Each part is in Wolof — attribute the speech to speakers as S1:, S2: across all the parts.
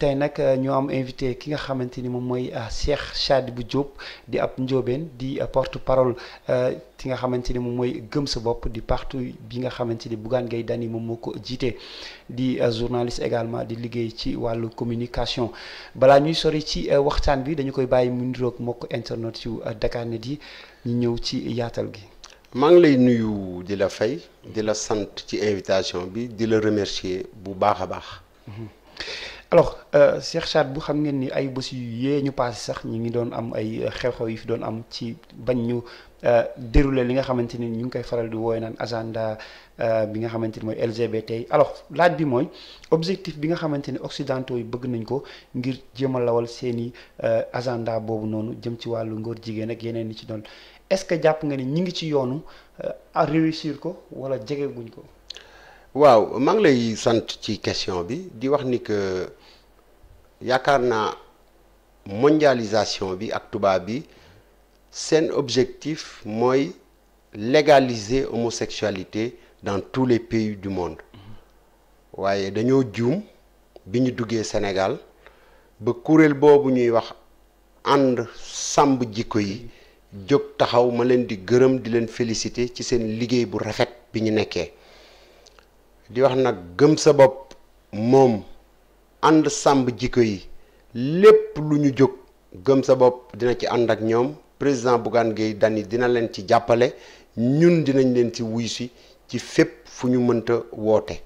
S1: tey nag euh, ñoo am invité ki nga xamante ni moom mooy euh, Cheikh bu Diop di ab njóobeen di euh, porte parole ki nga xamante ni moom mooy gëm sa bopp di parti bi nga xamante ni Bougane Gueye Dany moom moo ko jiite di journaliste également di liggéey ci wàllu communication balaa ñuy sori ci waxtaan bi dañu koy bàyyi mu niroog mbokk internet yu Dakarnet yi ñu ñëw ci yaatal gi.
S2: maa ngi lay nuyu di la fay di la sant ci invitation bi di la remercier bu baax a baax.
S1: Mhm. alors euh, Cheikh Saad bu xam ngeen ni ay bés yu yee ñu paase sax ñu ngi doon am ay euh, xew-xew yi fi doon am ci bañ ñu euh, déroulé li nga xamante ni ñu ngi koy faral di wooy naan agenda bi nga xamante ni mooy LGBT alors laaj bi mooy objectif bi nga xamante ni occidentaux yi bëgg nañ ko ngir jéem a lawal seen i agenda boobu noonu jëm ci wàllu ngóor jigéen ak yeneen ni ci doon est-ce que jàpp nga ni ñu ngi ci yoonu à réussir ko wala jegeguñ ko.
S2: waaw maa ngi lay sant ci question bi di wax ni que. yaakaar naa mondialisation bi ak tubaab bi seen objectif mooy légaliser homosexualité dans tous les pays du monde waaye dañoo juum bi ñu duggee Sénégal ba kuréel boobu ñuy wax ànd sàmb jikko yi jóg taxaw ma leen di gërëm di leen félicité ci seen liggéey bu rafet bi ñu nekkee di wax nag gëm sa bopp moom ànd sàmb jikko yi lépp lu ñu jóg gëm sa bopp dina ci ànd ak ñoom président Bougane Gueye Dany dina leen ci jàppale ñun dinañ leen ci wuy si ci fépp fu ñu mënta woote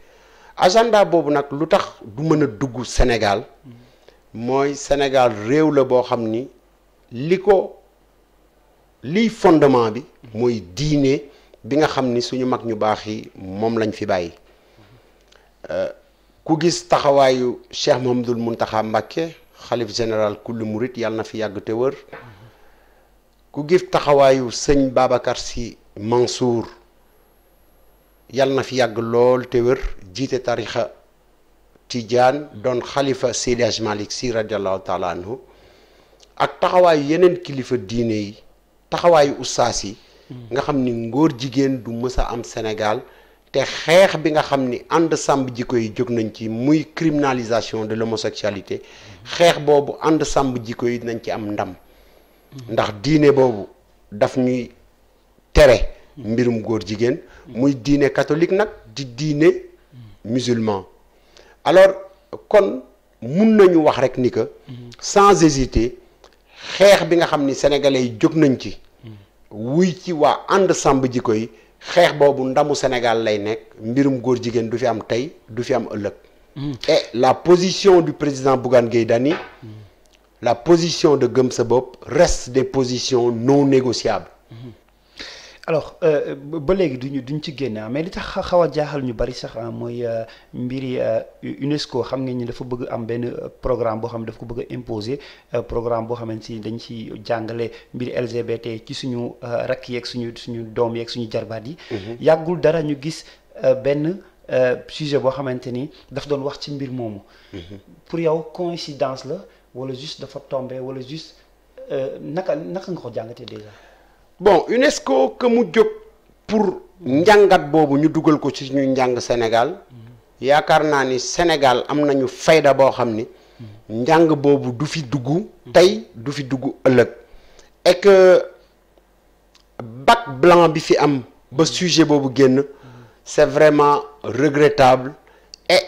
S2: agenda boobu nag lu tax du mën a dugg Sénégal mooy senegal réew la boo xam ni li ko liy fondement bi mooy diine bi nga xam ni suñu mag ñu baax yi moom lañ fi bàyyi euh, ku gis taxawaayu Cheikh Mouhamadoul Mountakha Mbacké xalif général kullu murit yàlla na fi yàgg te ku gis taxawaayu sëñ babakar si Mansour yàlla na fi yàgg lool te wër jiite tarixa Tijaan doon xalifa Seydi Hadji Malick Sy radiallahu taala ak taxawaayu yeneen kilifa diine yi taxawaayu ustaas yi hmm. nga xam ni ngóor jigéen du mës a am Sénégal te xeex bi nga xam ni ànd sàmm jikko yi jóg nañ ci muy criminalisation de l'homosexualité xeex boobu ànd sàmm jikko yi nañ ci am ndam ndax diine boobu daf ñuy tere mbirum góor jigéen muy diine katolik nag di diine musulman alors kon mun nañu wax rek ni que sans hésiter xeex bi nga xam ni sénégalais jóg nañ ci wuy ci waa ànd sàmm jikko yi xeex boobu ndamu Sénégal lay nekk mbirum góor jigéen du fi am tey du fi am ëllëg. Mm. la position du président Bougane Gueye Dany mmh. la position de Gëm sa bopp rest des positions non négociables. Mmh.
S1: alors euh, ba léegi duñu duñ ci génn ah, mais li tax xaw a jaaxal ñu bari sax ah, mooy mbir euh, mbiri euh, UNESCO xam nga ni dafa bëgg am benn programme boo xam ne dafa ko bëgg a imposer programme boo xamante ni dañ ci jàngale mbiri LGBT ci suñu rakk yeeg suñu suñu doom yeeg suñu jarbaat yi. Mm-hmm. yàggul dara ñu gis benn sujet boo xamante ni daf doon wax ci mbir moomu. Mm-hmm. pour yow coïncidence la wala juste dafa tombé wala juste naka naka nga ko jàngatee déjà.
S2: bon UNESCO ko mu jóg pour njàngat boobu ñu dugal ko ci ñu njàng Sénégal yaakaar naa ni Sénégal am nañu fayda boo xam ni njàng boobu du fi dugg tey du fi dugg ëllëg et que bac blanc bi fi am ba sujet boobu génn c'est vraiment regrettable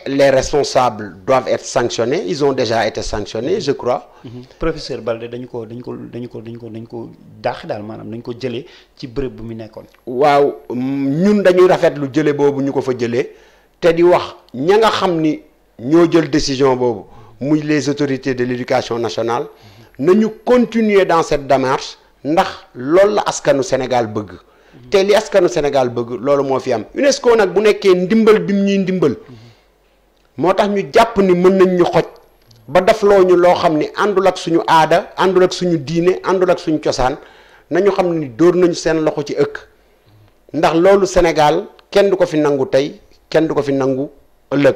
S2: les responsables doivent être sanctionnés ils ont déjà été sanctionnés je crois.
S1: Mhm. professeur Balde dañu ko dañu ko dañu ko dañu ko dañu ko dàq daal maanaam dañu ko jëlee ci bërëb
S2: bu mu nekkoon. waaw ñun dañuy lu jëlee boobu ñu ko fa jëlee te di wax ña nga xam ni ñoo jël décision boobu muy les autorités de l'éducation nationale na ñu continuer dans cette démarche ndax loolu la askanu Sénégal bëgg. Mhm. te li askanu Sénégal bëgg loolu moo fi am UNESCO nag bu nekkee ndimbal bi ñuy ndimbal. Mhm. moo tax ñu jàpp ni mën nañ ñu xoj ba daf loo ñu loo xam ni àndul ak suñu aada àndul ak suñu diine àndul ak suñu cosaan nañu xam ni dóor nañu seen loxo ci ëkk ndax loolu Sénégal kenn du ko fi nangu tey kenn du ko fi nangu ëllëg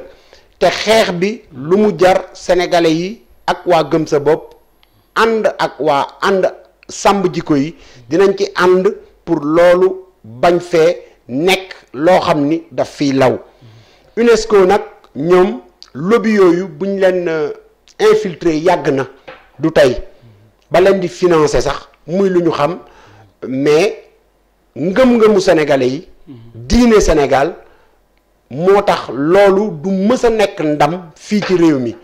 S2: te xeex bi lu mu jar sénégalais yi ak waa gëm sa bopp ànd ak waa ànd sàmb jikko yi dinañ ci ànd pour loolu bañ fee nekk loo xam ni daf fiy law UNESCO nag ñoom lobby yooyu buñ leen euh, infiltré yàgg na du tey ba leen di financer sax muy lu ñu xam mais ngëm-ngëmu sénégalais yi diine senegal moo tax loolu du mës a nekk ndam fii ci réew mi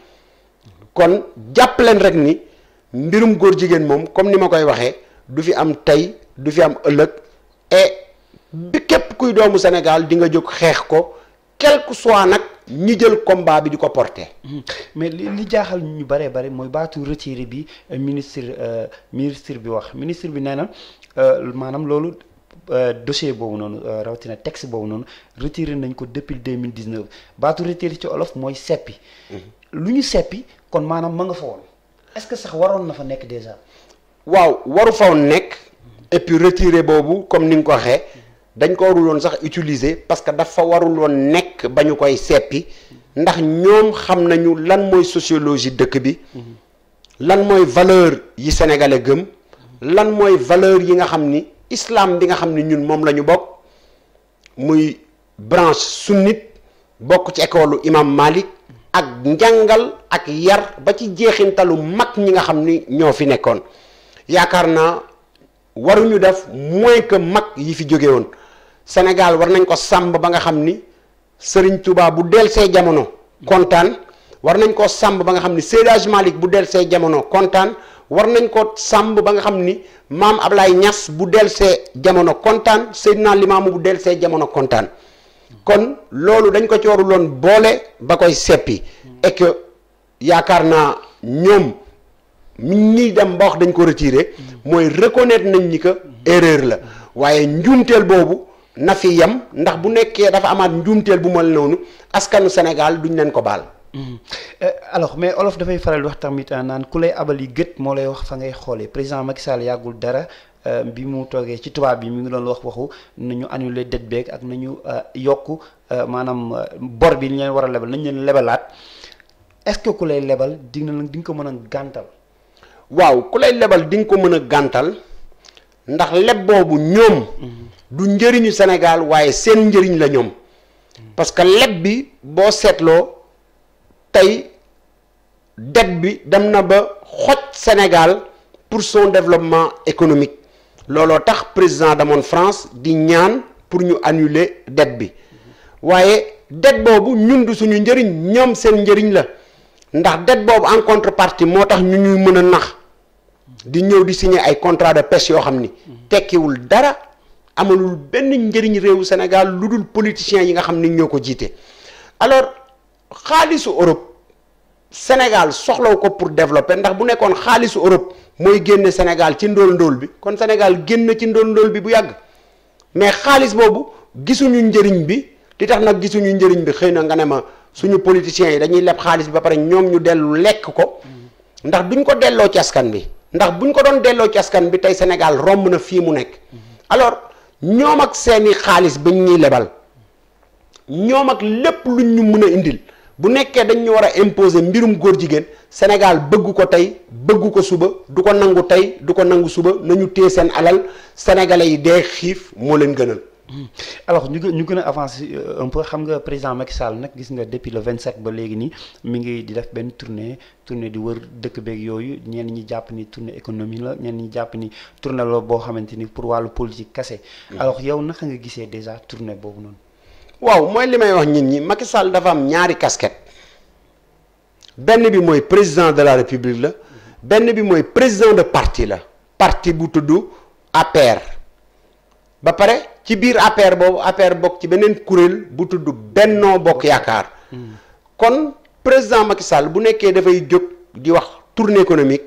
S2: kon jàpp leen rek ni mbirum góor jigéen moom comme ni ma koy waxee du fi am tey du fi am ëllëg et bi képp kuy doomu senegal di nga jóg xeex ko quel que soit nag ñi jël combat bi di ko porter.
S1: Hmm. mais li li jaaxal ñu bëree bëri mooy baatu retiré bi euh, ministre euh, ministre bi wax ministre bi nee na euh, maanaam loolu dossier boobu noonu rawatina texte boobu noonu retiré nañ ko depuis deux mille dix neuf baatu retiré ci olof mooy seppi. Hmm. lu ñu seppi kon maanaam ma nga fa woon est-ce que sax waroon na fa nekk déjà.
S2: waaw waru faw nekk. et puis retiré boobu comme ni nga ko waxee. dañ ko warul sax utiliser parce que dafa warul woon nekk ba ñu koy seppi ndax ñoom xam nañu lan mooy sociologie dëkk bi lan mooy valeur yi sénégalais gëm lan mooy valeur yi nga xam ni islam bi nga xam ni ñun moom lañu bokk muy branche sunnite bokk ci école imam Malik ak njàngal ak yar ba ci jeexintalu mag ñi nga xam ni ñoo fi nekkoon yaakaar naa waruñu def moins que mag yi fi jóge woon Sénégal war nañ ko sàmb ba nga xam ni Serigne Touba bu del see jamono kontaan war nañ ko sàmm ba nga xam ni Seydi Hadji Malick bu del see jamono kontaan war nañ ko sàmm ba nga xam ni maam Ablaye Niass bu del jamono kontaan Seydina Limaamu bu del see jamono kontaan kon loolu dañ ko ci waru loon boole ba koy seppi et yaakaar naa ñoom mi ñuy dem ba wax dañ ko retiré mooy reconnaître nañ ni ko erreur la waaye njuumteel boobu na fi yem ndax bu nekkee dafa amaat njuumteel bu ma noonu askanu Sénégal duñ leen ko baal.
S1: Hmm. Eh, alors mais olof dafay faral wax tamit ah, naan ku lay abali gët moo lay wax fa ngay xoolee président Macky Sall yàggul dara. Eh, bi mu toogee ci tubaab bi mu ngi doon wax waxu nañu annulé dette beeg ak na ñu eh, yokk maanaam bor bi ñu war a lebal nañ leen lebalaat est-ce ku lay lebal di nga di ko mën a gàntal.
S2: waaw ku lay lebal di nga ko mën a gàntal ndax leb boobu du njëriñu Sénégal waaye seen njëriñ la ñoom parce que leb bi boo seetloo tey dette bi dem na ba xoj Sénégal pour son développement économique looloo tax président de damoon France di ñaan pour ñu annuler dette bi waaye dette boobu ñun du suñu njëriñ ñoom seen njëriñ la ndax dette boobu en contrepartie moo tax ñu ñuy mën a nax di ñëw di signer ay contrat de pêche yoo xam ni tekkiwul dara amalul benn njëriñ réewu Sénégal lu dul politiciens yi nga xam ni ñoo ko jiite alors xaalisu Europe Sénégal soxlaw ko pour développer ndax bu nekkoon xaalisu Europe mooy génne Sénégal ci ndóol ndóol bi kon Sénégal génn ci ndóol ndool bi bu yàgg mais xaalis boobu gisuñu njëriñ bi li tax nag gisuñu njëriñ bi xëy na nga ne ma suñu politiciens yi dañuy leb xaalis bi ba pare ñoom ñu dellu lekk ko ndax duñ ko delloo ci askan bi ndax buñ ko doon delloo ci askan bi tey Sénégal romb na fii mu nekk ñoom ak seeni xaalis bañ ñuy lebal ñoom ak lépp lu ñu mën a indil bu nekkee dañ ñu war a imposer mbirum góor jigéen Sénégal bëgg ko tey bëgg ko suba du ko nangu tey du ko nangu suba nañu téye seen alal sénégalais yi dee xiif moo leen gënal.
S1: alors ñu gën ñu gën a avancer euh, un peu xam nga président Macky Sall nag gis nga depuis le 27 ba léegi nii mi ngi di def benn tournée tournée di wër dëkk beeg yooyu ñenn ñi jàpp ni tournée économie la ñenn ñi jàpp ni tournée la boo xamante ni pour wàllu politique kese. Hmm. alors yow naka nga gisee déjà tournée boobu noonu.
S2: waaw mooy li may wax nit ñi Macky Sall dafa am ñaari kasket benn bi mooy président de la république la hmm. benn bi mooy président de partie la parti bu tudd APR. ba pare ci biir APR boobu APR bokk ci beneen kuréel bu tudd Bennoo Bokk Yaakaar kon président Macky Sall bu nekkee dafay jóg di wax tournée économique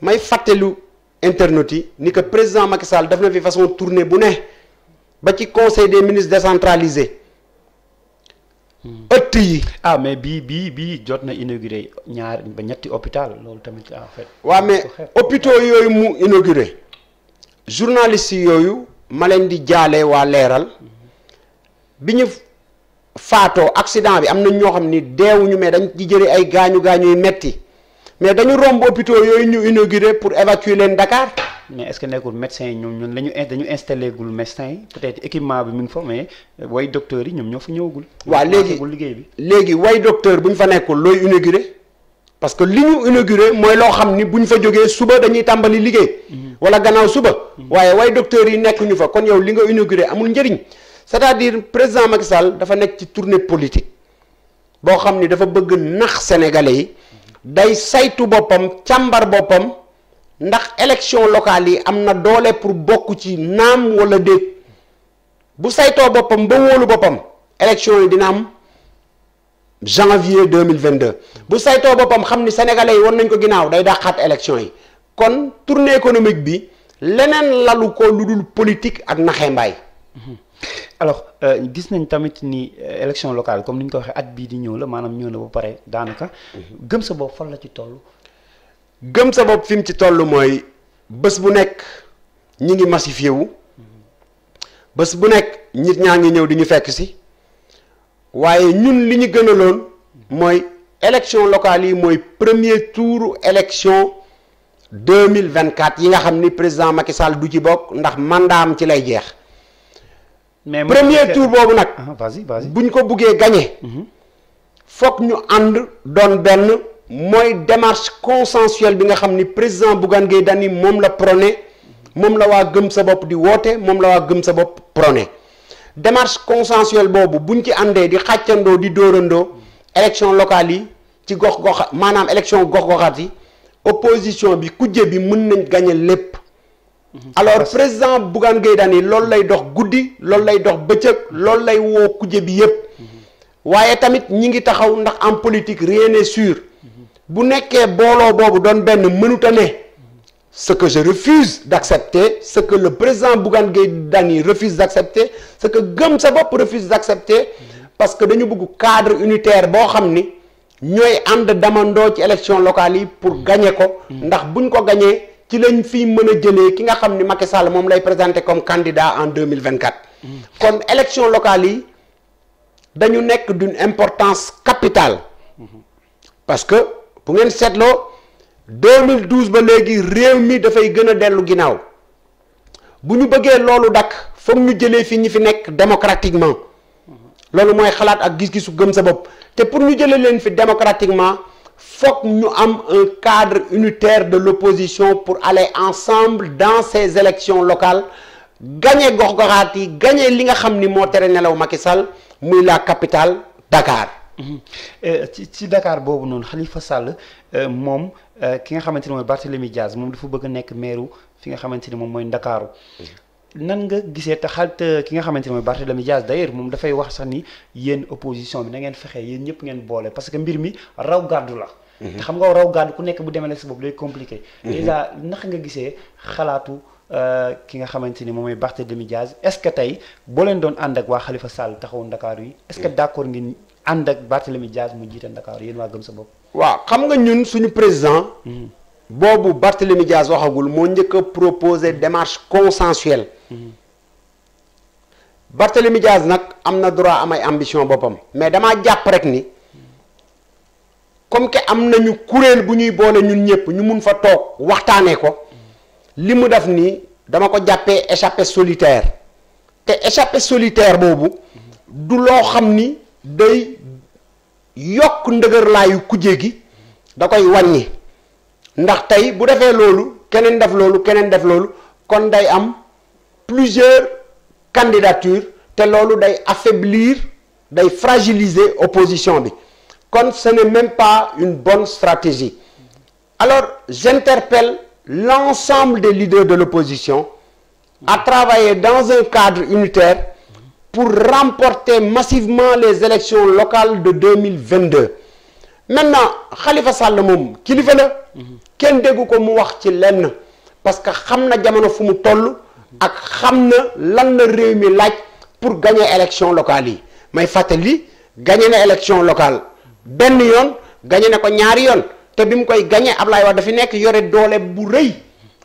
S2: may fàttelu internautes yi ni ko président Macky Sall daf na fi façon tournée bu ne ba ci conseil des ministres décentralisé hmm.
S1: ëtt yi. ah mais bii bii bii jot na inauguré ñaar ba ñetti hôpital loolu tamit en fait.
S2: waaw mais hôpitaux yooyu mu inauguré journalistes yooyu. ma leen di jaale waa leeral bi ñu faatoo accident bi am na ñoo xam ni deewuñu mais dañ ci jëlee ay gaañu gaañu yu metti mais dañu romb hôpitaux yooyu ñu inauguré pour évacuer leen Dakar.
S1: mais est-ce que nekkul médecin yi ñoom ñun lañu ñu dañu installé gul médecin yi peut-être équipement bi mu ngi fa mais way docteur
S2: yi ñoom ñoo fa ñëwagul. waa léegi liggéey bi léegi way docteur bu ñu fa nekkul looy inauguré parce que li ñu inauguré mooy loo xam ni bu ñu fa jógee suba dañuy tàmbali liggéey. Mm-hmm. wala gannaaw suba. waaye waaye docteurs yi nekkuñu fa kon yow li nga inauguré amul njëriñ cest diir président Macky dafa nekk ci tournée politique boo xam ni dafa bëgg nax sénégalais yi day saytu boppam càmbar boppam ndax élection locale yi am na doole pour bokk ci naam wala déet bu saytoo boppam ba wóolu boppam élection yi dina am janvier 2022 bu saytoo boppam xam ni sénégalais yi war nañ ko ginnaaw day dàqaat élection yi. kon tournée économique bi leneen lalu ko lu dul politik ak naxe mbaay alors euh, gis nañ
S1: tamit ni euh, élection locale comme ni ñu ko waxee at bii di ñëw la maanaam ñëw na ba pare daanaka gëm sa bopp fan la ci toll
S2: gëm sa bopp fim ci toll mooy bés bu nekk ñi ngi massifié wu bés bu nekk nit ñaa ngi ñëw di ñu fekk si waaye ñun li ñu gënaloon mooy élection locale yi mooy premier tour élection deux mille vingt quatre yi nga xam ni président Macky Sall du ci bokk ndax mandaam ci lay jeex.
S1: mais premier tour boobu nag. Ah, vas-y vas
S2: bu ñu ko buggee gagné. Mhm. foog ñu ànd doon benn mooy demarche consensuelle bi nga xam ni président Bougane Gueye Dany moom la prôné moom la waa gëm sa bopp di woote moom la waa gëm sa bopp prôné demarche consensuelle boobu buñ ci àndee di xàccandoo di dóorandoo élection locale yi ci gox gox maanaam élection gox goxaat yi. opposition bi kujje bi mun nañ gagné lépp. Mhm. alors président Bougane Gueye Dany loolu lay dox guddi loolu lay dox bëccëg loolu lay woo kujje bi yépp mhm. waaye tamit ñi ngi taxaw ndax en politique rien n'est mhm. bu nekkee booloo boobu doon benn mënuta ne ce que je refuse d'accepter ce que le président Bougane Gueye Dany refuse d'accepter ce que gëm sa bopp refuse d'accepter parce que dañu bëgg cadre unitaire boo xam ni. ñooy ànd damandoo ci élection locale yi pour mm. gagner ko mm. ndax bu ñu ko gañee ci lañ fi mën a jëlee ki nga xam ni Macky Sall moom lay présenter comme candidat en 2024 mm. kon élection locale yi dañu nekk d'une importance capitale mm-hmm. parce que bu ngeen seetloo 2012 ba léegi réew mi dafay gën a dellu ginnaaw bu ñu bëggee loolu dakk foog ñu jëlee fii ñu fi nekk démocratiquement loolu mooy xalaat ak gis-gisu gëm sa bopp te pour ñu jëlee leen fi démocratiquement foog ñu am un cadre unitaire de l'opposition pour aller ensemble dans ces élections locales gagner gox-goxaat yi gagner li nga xam ni moo tere nelaw Macky Sall muy la capitale Dakar.
S1: Mhm. Euh, ci ci Dakar boobu noonu Khalifa Sall euh, moom euh, ki nga xamante ni mooy Barthélémy Diaz moom dafa bëgg nekk maire fi nga xamante ni moom mooy Ndakaaru mhm. nan nga gisee te xalt ki nga xamante ne mooy Barthélemy Dias d'ailleurs moom dafay wax sax ni yéen opposition bi na ngeen fexe yéen ñëpp ngeen boole parce que mbir mi raw gàddu la. Mhm. te xam nga raw gàddu ku nekk bu demee sa bopp day compliqué. Mhm. déjà naka euh, ki nga xamante ni moom mooy Barthélemy Dias est-ce que tey boo leen doon ànd ak waa Khalifa Sall taxawu Ndakaar
S2: yi. est-ce que mhm. d'accord ngeen ànd ak Barthélemy Dias mu jiite Ndakaar yéen waa gëm sa bopp. waaw xam nga ñun suñu président. boobu Barthélemy Dias waxagul moo njëkk a proposé démarche consensuelle mm-hmm. Barthélemy Dias nag am na droit amay ay ambition boppam mais damaa jàpp rek ni comme que am nañu kuréel bu ñuy boole ñun ñëpp ñu mun fa toog waxtaanee ko mm-hmm. li mu def nii dama ko jàppee échappée solitaire te échappée solitaire boobu mm-hmm. du loo xam ni day yokk ndëgërlaayu kujje gi da koy wàññi. ndax tey bu defee loolu keneen def loolu keneen def loolu kon day am plusieurs candidatures te loolu day affaiblir day fragiliser opposition bi kon ce n'est même pas une bonne stratégie alors j'interpelle l'ensemble des leaders de l'opposition à travailler dans un cadre unitaire pour remporter massivement les élections locales de 2022 maintenant xalifa Sall moom kilifa la. kenn dégg ko mu wax ci lenn parce que xam na jamono fu mu toll. ak xam na lan la réew mi laaj pour gagner élection locale yi may fàttali gagné ne élection locale benn yoon gañe ne ko ñaari yoon te bi mu koy gagné Ablaye Wade dafi nekk yore doole bu rëy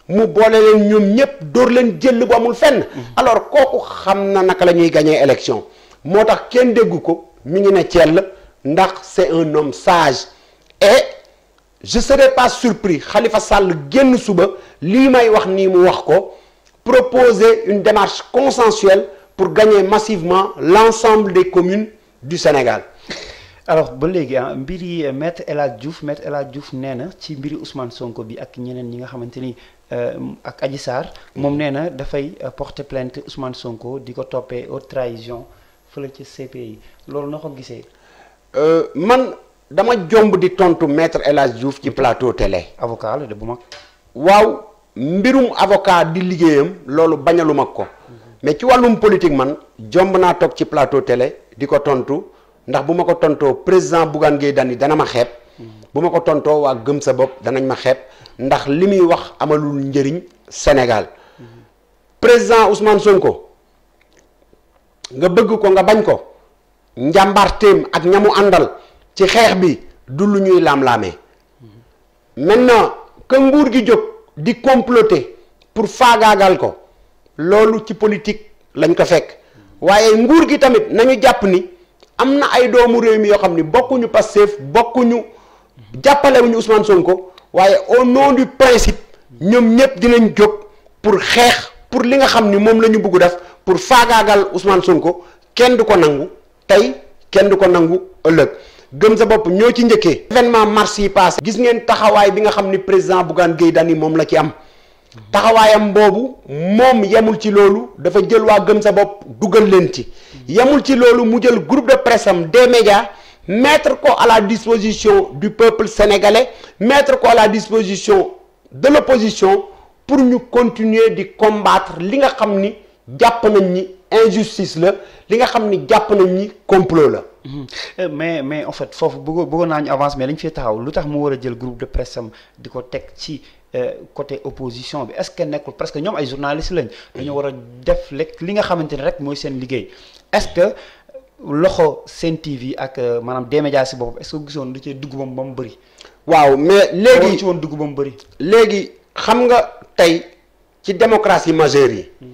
S2: mu boole leen ñoom ñëpp dóor leen jël bu amul fenn. alors kooku xam na naka la ñuy gagné élection moo tax kenn déggu ko mi ngi ne Thiel. ndax c'est un homme sage et je serais pas surpris Khalifa Sall génn suba lii may wax nii mu wax ko proposer une démarche consensuelle pour gagner massivement l'ensemble des communes du Sénégal
S1: alors ba léegi ah mbir yi eh, maître El Hadj Diouf maître El Hadj nee na ci mbiri Ousmane Sonko bi ak ñeneen ñi nga xamante ni eh, ak Adji Sarr moom nee na dafay eh, porter plainte Ousmane Sonko di ko toppee haute trahison fële ci yi loolu noo ko gisee.
S2: Euh, man dama jomb di tontu maître El Hadj Diouf ci plateau télé. avocat la de bu mag. waaw mbirum avocat di liggéeyam loolu bañalu ko mais ci wàllum politique man jomb naa toog ci plateau télé di ko tontu ndax bu ma ko tontoo président Bougane Gueye Dany dana ma xeeb. bu ma ko tontoo waa gëm sa bopp danañ ma xeeb ndax li muy wax amalul njëriñ Sénégal président Ousmane ko nga bëgg ko nga bañ ko. njàmbarteem ak ñamu àndal ci xeex bi du lu ñuy laam-laamee maintenant que nguur gi jóg di comploter pour faagaagal ko loolu ci politique lañ ko fekk waaye nguur gi tamit nañu jàpp ni am na ay doomu réew mi yoo xam ni bokkuñu Pastef bokkuñu jàppalewuñu Ousmane Sonko waaye au nom du principe ñoom ñëpp dinañ jóg pour xeex pour li nga xam ni moom la ñu bugg def pour faagaagal Ousmane Sonko kenn du ko nangu tey kenn du ko nangu ëllëg gëm sa bopp ñoo ci njëkkee événement mars yi passé gis ngeen taxawaay bi nga xam ni président Bougane Gueye Dany moom la ci am taxawaayam boobu moom yemul ci loolu dafa jël waa gëm sa bopp dugal leen ci yemul ci loolu mu jël groupe de presse am des médias ko à la disposition du peuple sénégalais mettre ko à la disposition de l'opposition pour ñu continuer di combattre li nga xam ni jàpp nañ ñi injustice la li nga xam ni jàpp nañ ni complot la.
S1: Mhm. Euh, mais mais en fait foofu bëggoon bëggoon naa ñu avance mais dañ fi taxaw lu tax mu war a jël groupe de presse am di ko teg ci euh, côté opposition bi est-ce nekkul parce que ñoom ay journalistes lañ. dañoo war a def lekk li nga xamante ne rek mooy seen liggéey est-ce que. loxo seen TV ak euh, maanaam des médias si boppam est-ce que gisoon lu cee dugg ba mu bëri.
S2: waaw mais léegi ci woon ba mu bëri. léegi xam nga tey ci démocratie majeure yi. Mhm.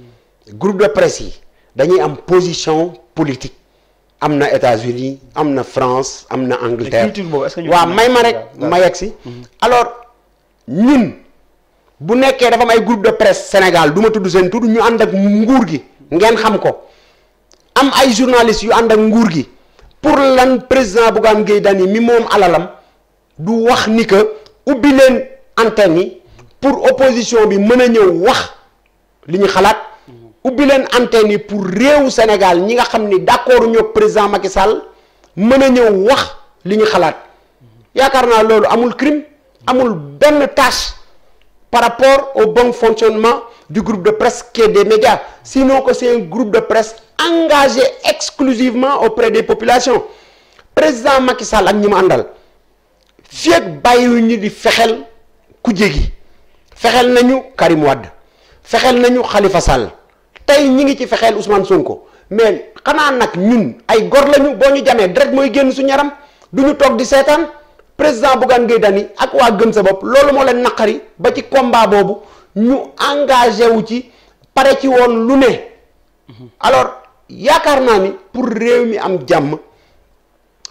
S2: groupe de presse yi dañuy am position politique am na États-Unis am na France am na Angleterre waaw may ma rek may yegg si mhm. alors ñun bu nekkee dafa am ay groupe de presse Sénégal duma tudd seen tur ñu ànd ak nguur gi ngeen xam ko am ay journalistes yu ànd ak nguur gi pour lan président am Gueye Dany mi moom alalam du wax ni que ubbi leen antenne yi pour opposition bi mën a ñëw wax li ñu xalaat ubbi leen antenne yi pour réewu Sénégal ñi nga xam ni d'accord ñoo président Macky Sall mën a ñëw wax li ñu xalaat yaakaar naa loolu amul crime amul benn tâche par rapport au bon fonctionnement du groupe de presse qui est des médias sinon que c'est groupe de presse engagé exclusivement auprès des population président Macky Sall ak ñi mu àndal fii ak bàyyiwu ñu di fexel ku jégi fexel nañu Karim Wade fexel nañu Khalifa Sall tey ñi ngi ci fexeel Ousmane ko mais xanaa nag ñun ay gor lañu boo ñu jamee direct mooy génn su ñaram du ñu toog di seetaan président Bougane Gueye Dany ak waa gën sa bopp loolu moo leen naqari ba ci combat boobu ñu engagé wu ci pare ci woon lu ne alors yaakaar naa ni pour réew mi am jàmm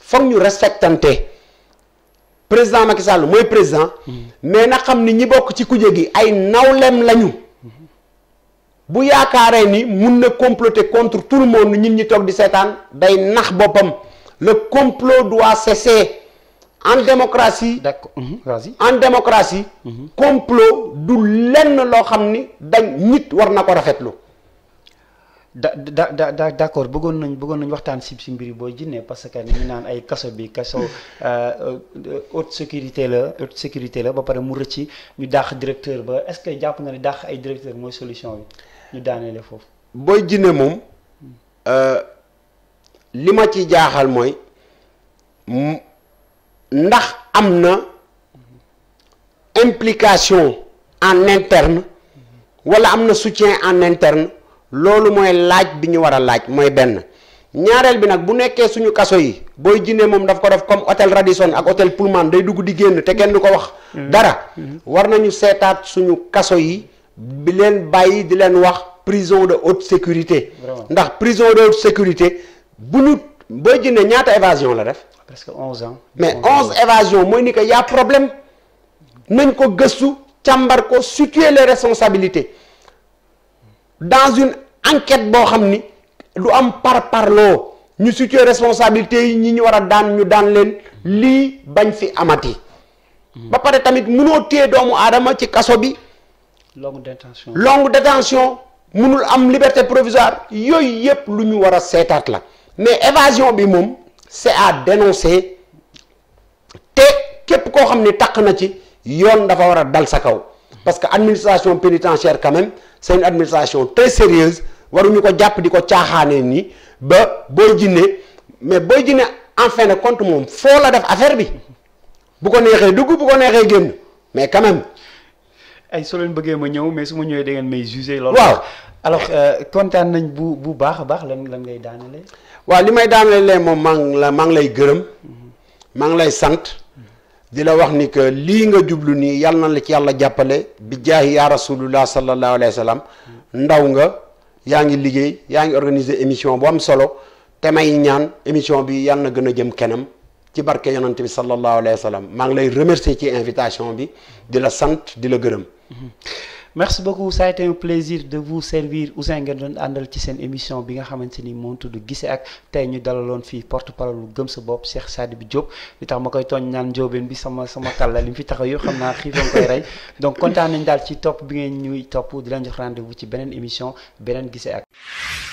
S2: foog ñu respectante président Macky Sall mooy président mm. mais na xam ni ñi bokk ci kuje gi ay nawlem lañu bu yaakaaree ni mun na comploter contre tout le monde ñun ñi toog di seetaan day nax boppam le complot doit cesser en démocratie d'accord mhm. en démocratie mhm. complot du lenn loo xam ni dañ nit war
S1: na ko rafetlu da da da d' accord bëggoon nañu bëggoon nañu waxtaan si si mbir yi boo jinnee parce que ñu naan ay kaso bi kaso hmm. euh, euh, haute sécurité la haute sécurité la ba pare mu rëcci ñu dàq directeur ba est ce que jàpp nga ne dàq ay directeur mooy solution bi ñu daaneele foofu.
S2: booy jinne moom hmm. euh, li ma ci jaaxal mooy ndax am na implication en interne hmm. wala am na soutien en interne. loolu mooy laaj bi ñu war a laaj mooy benn ñaareel bi nag bu nekkee suñu kaso yi booy jinne moom daf ko def comme hôtel Radisson ak hôtel Pullman day dugg di génn te kenn du ko wax mm-hmm. dara mm-hmm. war nañu seetaat suñu kaso yi bi leen bàyyi di leen wax prison de haute sécurité ndax prison de haute sécurité bu ñu booy jinne ñaata évasion la def
S1: presque onze ans
S2: mais onze évasion mooy ni que y problème nañ ko gëstu càmbar ko situer les responsabilités dans une enquête boo xam ni du am par parloo ñu situer responsabilité yi ñi ñu war a daan ñu daan leen lii bañ fi amati. ba pare tamit mënoo téye doomu aadama ci kaso bi.
S1: longue détention
S2: longue détention mënul am liberté provisoire yooyu yëpp lu ñu war a seetaat la mais évasion bi moom c'est à dénoncer te képp koo xam ni taq na ci yoon dafa war a dal sa kaw parce que administration pénitentiaire quand même. c'est une administration très sérieuse waruñu ko jàpp di ko caaxaane nii ba booy jinne mais booy jinne en fin de compte moom foo la def affaire bi bu ko neexee dugg bu ko neexee génn mais quand
S1: ay soo leen bëggee ma ñëw mais su ma ñëwee da ngeen may jugé. loolu waaw alors euh, kontaan nañ bu bu baax a baax lan lan ngay daanelee.
S2: waaw li may daanelee moom maa la maa ngi lay gërëm mhm. maa ngi lay sant. di la wax ni que lii nga jublu nii yàlla na la ci yàlla jàppale bi jaahi yaa rasulullah sallallahu alayhi wa salam ndaw nga yaa ngi liggéey yaa ngi organiser émission bu am solo te may ñaan émission bi yàlla na gën a jëm kanam ci barke yonent bi sallallahu alayhi wa sallam maa ngi lay remercier ci invitation bi di la sant di la gërëm. Mm-hmm.
S1: merci beaucoup ça a été plaisir de vous servir Ouzin ngeen doon àndal ci seen émission bi nga xamante ni moo tudd gise ak tey ñu dalaloon fii porte-parole lu gëm sa bopp seex Cheikh bi Diop li tax ma koy tooñ naan njóobeen bi sama sama kàlla li mu fi taxa yëpp xam naa xiifoon koy rey donc kontaan nañ daal ci topp bi ngeen ñuy topp di leen jox rendez-vous ci beneen émission beneen gise ak